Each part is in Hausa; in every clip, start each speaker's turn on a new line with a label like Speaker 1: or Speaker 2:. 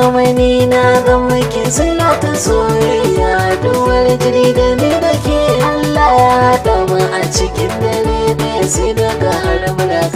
Speaker 1: zamanina zama na suna ta soyayya duwar jini da ni da ke Allah ya dama a cikin dare da sai daga har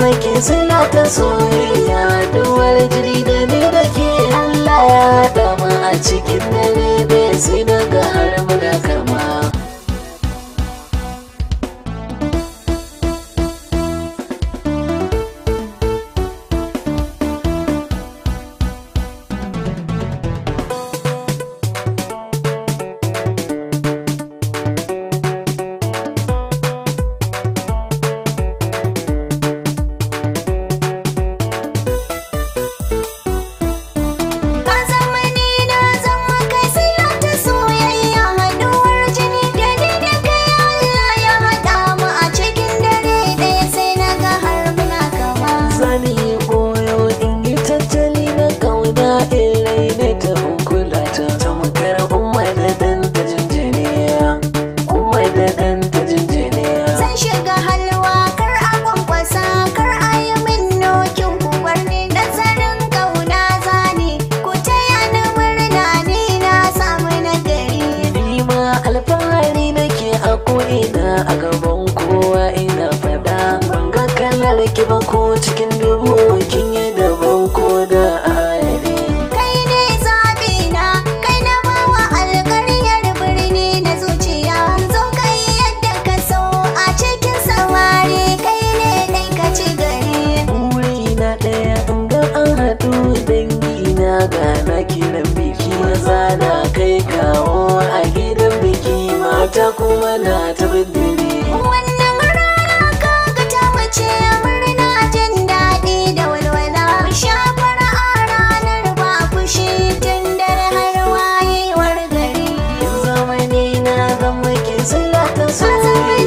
Speaker 1: muke suna ta soyayya duwar jiri da ni da ke Allah ya dama a cikin dare bai sai daga halaki ba ko cikin dubu kin yi da ko da ayari kai ne zabi na kai na bawa alƙaryar birni na zuciya zo kai yadda ka so a cikin samari kai ne dai ka ci gari wuri na ɗaya in ga an haɗu dangi na gana kiran biki maza da kai kawo a gidan biki mata kuma na tabbata 的岁